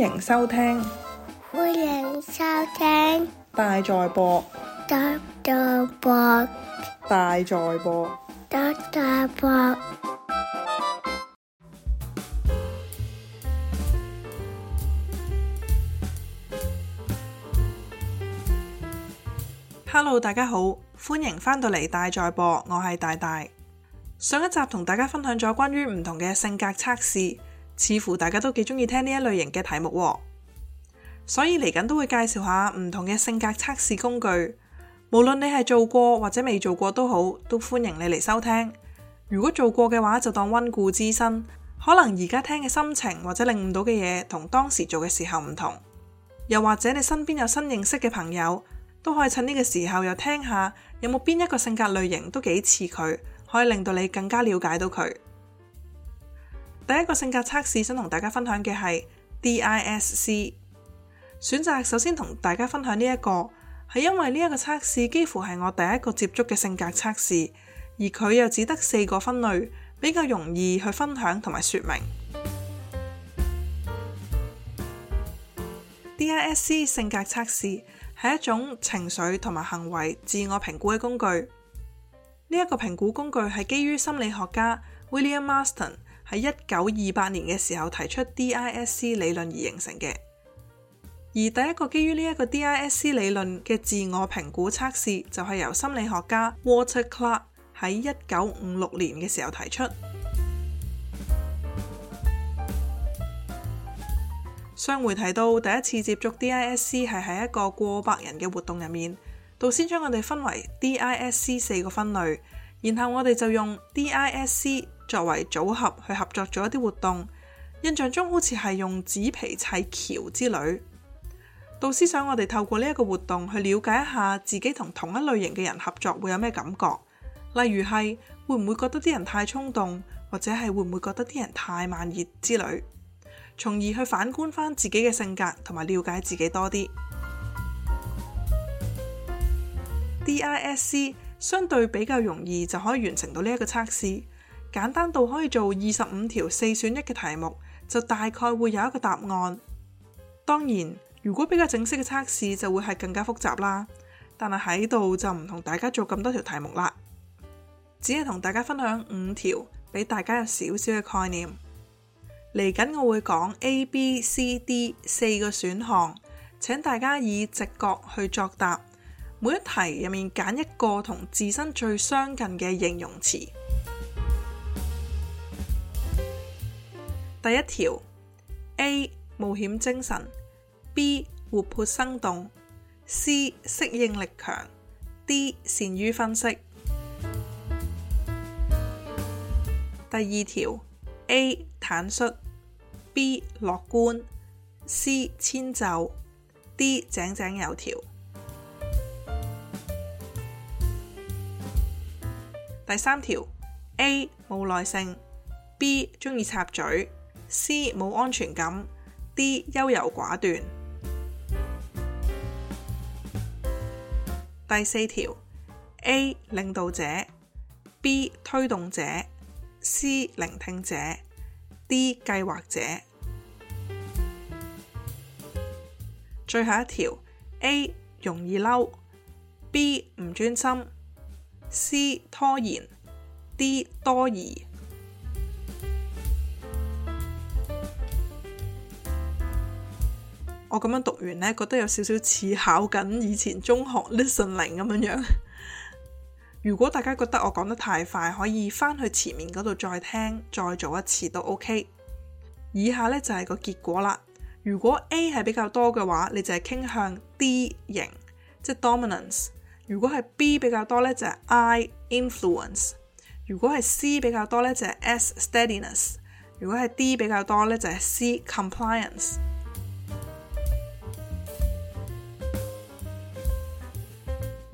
歡迎收聽，歡迎收聽，大在播，大在播，Hello，大家好，歡迎返到嚟大在播，我係大大。上一集同大家分享咗關於唔同嘅性格測試。似乎大家都幾中意聽呢一類型嘅題目喎，所以嚟緊都會介紹下唔同嘅性格測試工具。無論你係做過或者未做過都好，都歡迎你嚟收聽。如果做過嘅話，就當溫故知新。可能而家聽嘅心情或者領悟到嘅嘢，同當時做嘅時候唔同。又或者你身邊有新認識嘅朋友，都可以趁呢個時候又聽下，有冇邊一個性格類型都幾似佢，可以令到你更加了解到佢。第一個性格測試想同大家分享嘅係 DISC。選擇首先同大家分享呢一個係因為呢一個測試幾乎係我第一個接觸嘅性格測試，而佢又只得四個分類，比較容易去分享同埋說明。 DISC 性格測試係一種情緒同埋行為自我評估嘅工具。呢一個評估工具係基於心理學家 William Marston。喺一九二八年嘅時候提出 DISC 理論而形成嘅，而第一個基於呢一個 DISC 理論嘅自我評估測試就係由心理學家 Walter Clark 喺一九五六年嘅時候提出。上回提到第一次接觸 DISC 係喺一個過百人嘅活動入面，到先將我哋分為 DISC 四個分類，然後我哋就用 DISC。作為組合去合作做一啲活動，印象中好似係用紙皮砌橋之類。導師想我哋透過呢一個活動去了解一下自己同同一類型嘅人合作會有咩感覺，例如係會唔會覺得啲人太衝動，或者係會唔會覺得啲人太慢熱之類，從而去反觀翻自己嘅性格，同埋了解自己多啲。 DISC 相對比較容易就可以完成到呢一個測試。簡單到可以做二十五條四選一嘅題目，就大概會有一個答案。當然，如果比較正式嘅測試，就會係更加複雜啦。但係喺度就唔同大家做咁多條題目啦，只係同大家分享五條，俾大家有少少嘅概念。嚟緊我會講 A、B、C、D 四個選項，請大家以直覺去作答，每一題入面揀一個同自身最相近嘅形容詞。第一條：A 冒險精神，B 活潑生動，C 適應力強，D 善於分析。第二條：A 坦率，B 樂觀，C 遷就，D 井井有條。第三條：A 冇耐性，B 鍾意插嘴，C 冇安全感，D 優柔寡斷。第四條：A 領導者，B 推動者，C 聆聽者，D 計劃者。最後一條：A 容易嬲，B 唔專心，C 拖延，D 多疑。我咁樣讀完呢，覺得有少少似考緊以前中學 listening 咁樣樣。 如果大家覺得我講得太快，可以翻去前面嗰度再聽再做一次都 OK。以下呢就係、是、個結果啦。如果 A 係比較多嘅話，你就係傾向 D 型，即係 dominance；如果係 B 比較多呢，就係、是、I influence；如果係 C 比較多呢，就係、是、S steadiness；如果係 D 比較多呢，就係、是、C compliance。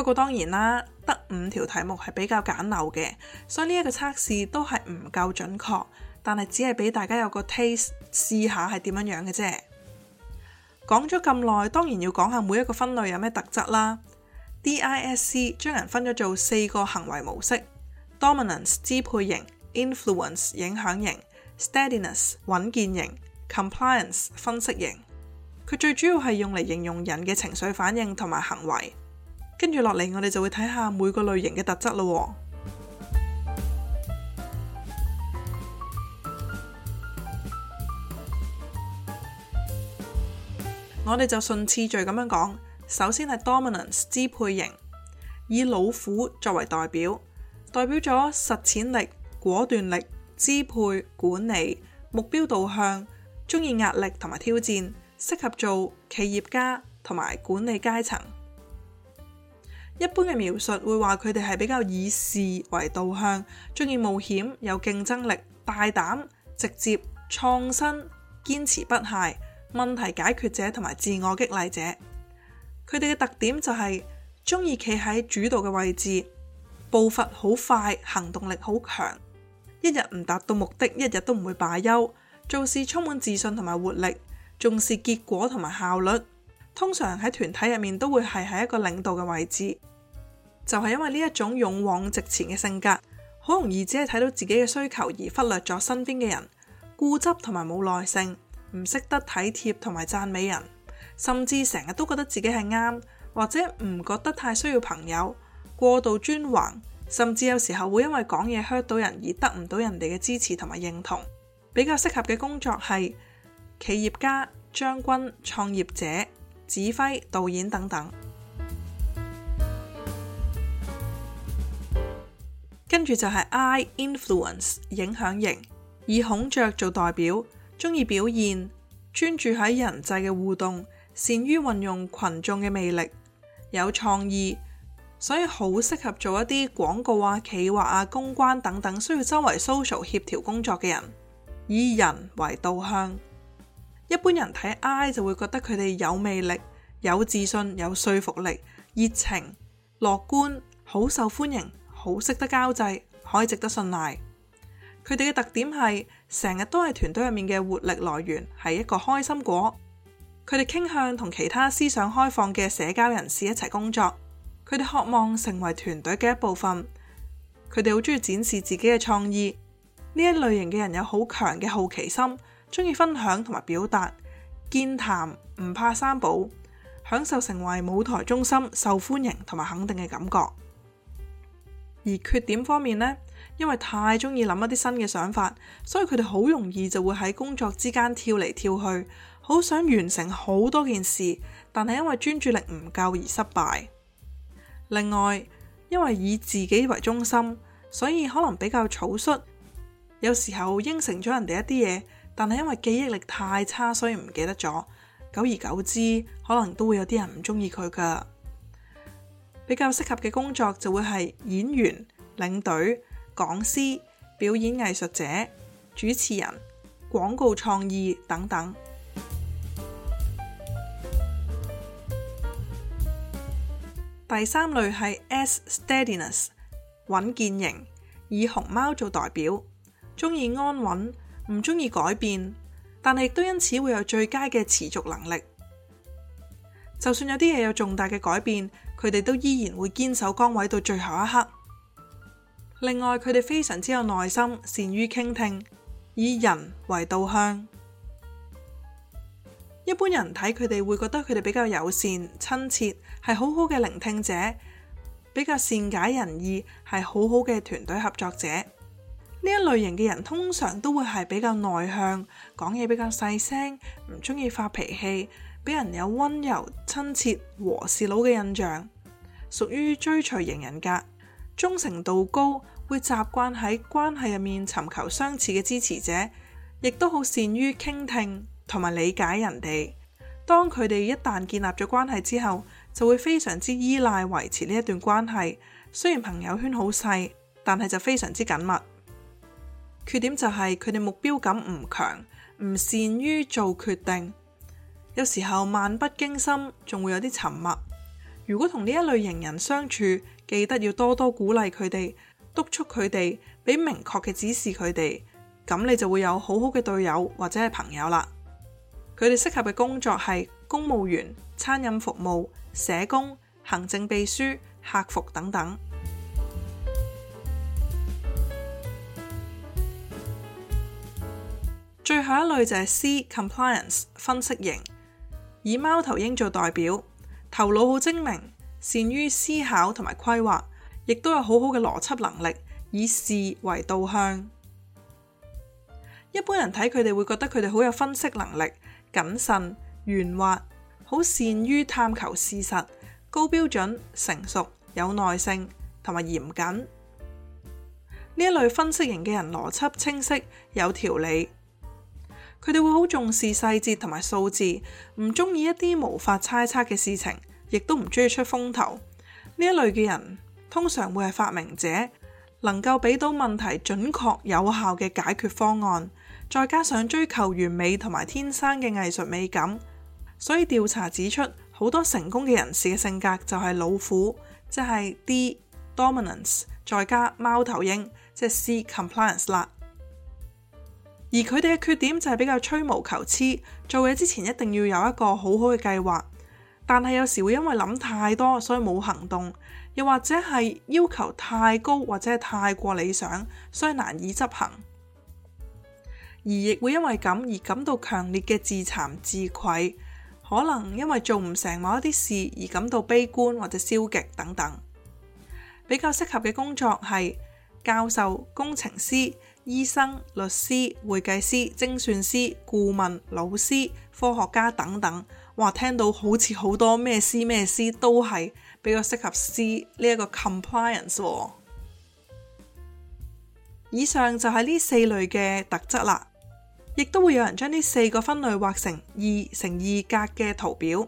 不過當然啦，得五條題目係比較簡陋嘅，所以呢一個測試都係唔夠準確。但係只係俾大家有個 taste 試下係點樣樣嘅啫。講咗咁耐，當然要講下每一個分類有咩特質啦。DISC 將人分咗做四個行為模式：Dominance 支配型、Influence 影響型、Steadiness 穩健型、Compliance 分析型。佢最主要係用嚟形容人嘅情緒反應同埋行為。跟住落嚟，我哋就會睇下每個類型嘅特質咯。 我哋就順次序咁樣講，首先係 Dominance 支配型，以老虎作為代表，代表咗實踐力、果斷力、支配、管理、目標導向，中意壓力同埋挑戰，適合做企業家同埋管理階層。一般嘅描述會話佢哋係比較以事為導向，中意冒險，有競爭力、大膽、直接、創新、堅持不懈，問題解決者同埋自我激勵者。佢哋嘅特點就係中意企喺主導嘅位置，步伐好快，行動力好強，一日唔達到目的，一日都唔會罷休。做事充滿自信同埋活力，重視結果同埋效率。通常喺團體入面都會係喺一個領導嘅位置。就係因為呢一種勇往直前嘅性格，好容易只係睇到自己嘅需求而忽略咗身邊嘅人，固執同埋冇耐性，唔識得體貼同埋讚美人，甚至成日都覺得自己係啱，或者唔覺得太需要朋友，過度專橫，甚至有時候會因為講嘢 hurt 到人而得唔到人哋嘅支持同埋認同。比較適合嘅工作係企業家、將軍、創業者、指揮、導演等等。跟住就係 I influence 影響型，以孔雀做代表，中意表現，專注喺人際嘅互動，善於運用群眾嘅魅力，有創意，所以好適合做一啲廣告啊、企劃啊、公關等等需要周圍 social 協調工作嘅人。以人為導向，一般人睇 I 就會覺得佢哋有魅力、有自信、有說服力、熱情、樂觀、好受歡迎。好識得交際，可以值得信賴。佢哋嘅特點係成日都係團隊入面嘅活力來源，係一個開心果。佢哋傾向同其他思想開放嘅社交人士一齊工作。佢哋渴望成為團隊嘅一部分。佢哋好中意展示自己嘅創意。呢一類型嘅人有好強嘅好奇心，中意分享同埋表達，健談唔怕三寶，享受成為舞台中心、受歡迎同埋肯定嘅感覺。而缺點方面呢，因為太中意諗一啲新嘅想法，所以佢哋好容易就會喺工作之間跳嚟跳去，好想完成好多件事，但係因為專注力唔夠而失敗。另外，因為以自己為中心，所以可能比較草率，有時候應承咗人哋一啲嘢，但係因為記憶力太差，所以唔記得咗。久而久之，可能都會有啲人唔中意佢噶。比較適合嘅工作就會係演員、領隊、講師、表演藝術者、主持人、廣告創意等等。第三類係 S steadiness 穩健型，以熊貓做代表，中意安穩，唔中意改變，但係亦都因此會有最佳嘅持續能力。就算有啲嘢有重大嘅改變。佢哋都依然會堅守崗位到最後一刻。另外，佢哋非常之有耐心，善於傾聽，以人為導向。一般人睇佢哋會覺得佢哋比較友善、親切，係好好嘅聆聽者，比較善解人意，係好好嘅團隊合作者。呢一類型嘅人通常都會係比較內向，講嘢比較細聲，唔中意發脾氣。俾人有溫柔、親切、和事佬嘅印象，屬於追隨型人格，忠誠度高，會習慣喺關係入面尋求相似嘅支持者，亦都好善於傾聽同埋理解人哋。當佢哋一旦建立咗關係之後，就會非常之依賴維持呢一段關係。雖然朋友圈好細，但係就非常之緊密。缺點就係佢哋目標感唔強，唔善於做決定。有時候漫不經心，仲會有啲沉默。如果同呢一類型人相處，記得要多多鼓勵佢哋，督促佢哋，俾明確嘅指示佢哋，咁你就會有好好嘅隊友或者係朋友啦。佢哋適合嘅工作係公務員、餐飲服務、社工、行政秘書、客服等等。最後一類就係 C Compliance 分析型。以貓頭鷹做代表，頭腦好精明，善於思考同埋規劃，亦都有好好嘅邏輯能力，以事為導向。一般人睇佢哋會覺得佢哋好有分析能力，謹慎、圓滑，好善於探求事實，高標準、成熟、有耐性同埋嚴謹。呢一類分析型嘅人，邏輯清晰，有條理。佢哋會好重視細節同埋數字，唔中意一啲無法猜測嘅事情，亦都唔中意出風頭。呢一類嘅人通常會係發明者，能夠俾到問題準確有效嘅解決方案，再加上追求完美同埋天生嘅藝術美感。所以調查指出，好多成功嘅人士嘅性格就係老虎，即係 D Dominance，再加貓頭鷹，即係 C compliance 啦。而佢哋嘅缺點就係比較吹毛求疵，做嘢之前一定要有一個好好嘅計劃。但係有時會因為諗太多，所以冇行動，又或者係要求太高或者係太過理想，所以難以執行。而亦會因為咁而感到強烈嘅自慚自愧，可能因為做唔成某一啲事而感到悲觀或者消極等等。比較適合嘅工作係教授、工程師。醫生、律師、會計師、精算師、顧問、老師、科學家等等，哇！聽到好似好多咩師咩師都係比較適合 C 呢一個 compliance 哦。以上就係呢四類嘅特質啦，亦都會有人將呢四個分類畫成二乘二格嘅圖表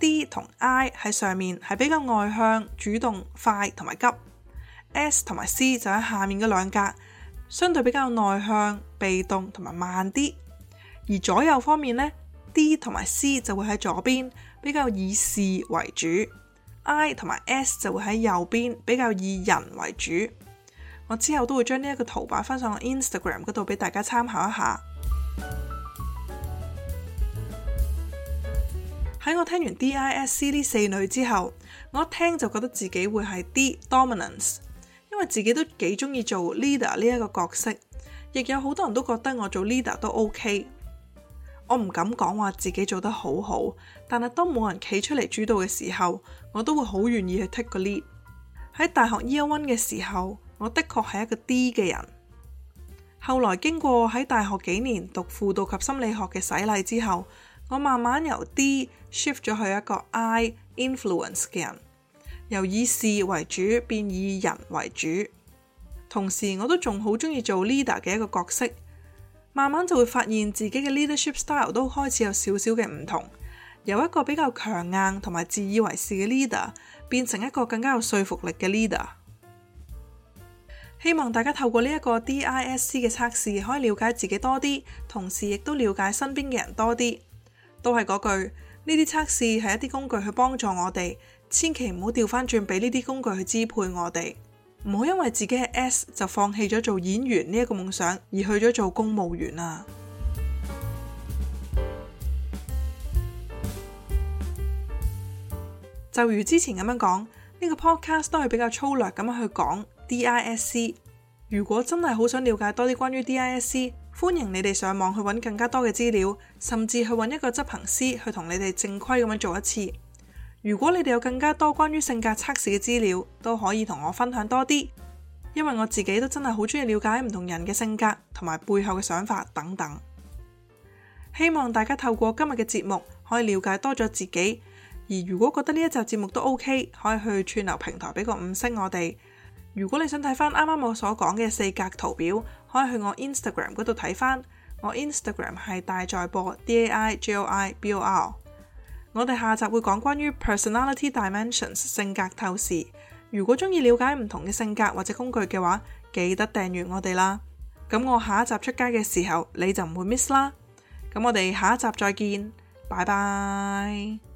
，D 同 I 喺上面係比較外向、主動、快同埋急，S 同埋 C 就喺下面嘅兩格。相對比較內向、被動同埋慢啲，而左右方面呢，D 同埋 C 就會喺左邊，比較以事為主；I 同埋 S 就會喺右邊，比較以人為主。我之後都會將呢一個圖擺翻上我 Instagram 嗰度，俾大家參考一下。喺我聽完 D、I、S、C 呢四女之後，我一聽就覺得自己會係 D dominance。因為自己都幾中意做 leader 呢一個角色，亦有好多人都覺得我做 leader 都 OK。我唔敢講話自己做得好好，但係當冇人企出嚟主導嘅時候，我都會好願意去 take 個 lead。喺大學 year one 嘅時候，我的確係一個 D 嘅人。後來經過喺大學幾年讀輔導及心理學嘅洗禮之後，我慢慢由 D shift 咗去一個 I influence 嘅人。由以事為主，變以人為主。同時，我都仲好中意做 leader 嘅一個角色。慢慢就會發現自己嘅 leadership style 都開始有少少嘅唔同，由一個比較強硬同埋自以為是嘅 leader，變成一個更加有說服力嘅 leader。希望大家透過呢一個 DISC 嘅測試，可以了解自己多啲，同時亦都了解身邊嘅人多啲。都係嗰句，呢啲測試係一啲工具去幫助我哋。千祈唔好調翻轉俾呢啲工具去支配我哋，唔好因為自己係 S 就放棄咗做演員呢一個夢想，而去咗做公務員啊。 就如之前咁樣講，呢個 podcast 都係比較粗略咁樣去講 DISC。如果真係好想了解多啲關於 DISC，歡迎你哋上網去揾更加多嘅資料，甚至去揾一個執行師去同你哋正規咁樣做一次。如果你哋有更加多關於性格測試嘅資料，都可以同我分享多啲，因為我自己都真係好中意了解唔同人嘅性格同埋背後嘅想法等等。希望大家透過今日嘅節目可以了解多咗自己，而如果覺得呢一集節目都 OK，可以去串流平台俾個五星我哋。如果你想睇翻啱啱我所講嘅四格圖表，可以去我 Instagram 嗰度睇翻。我 Instagram 係大在播 D A I J O I B O R。我哋下集會講關於 Personality Dimensions，性格透視。如果中意了解唔同嘅性格或者工具嘅話，記得訂閱我哋啦。咁我下一集出街嘅時候，你就唔會 miss 啦。咁我哋下一集再見，拜拜。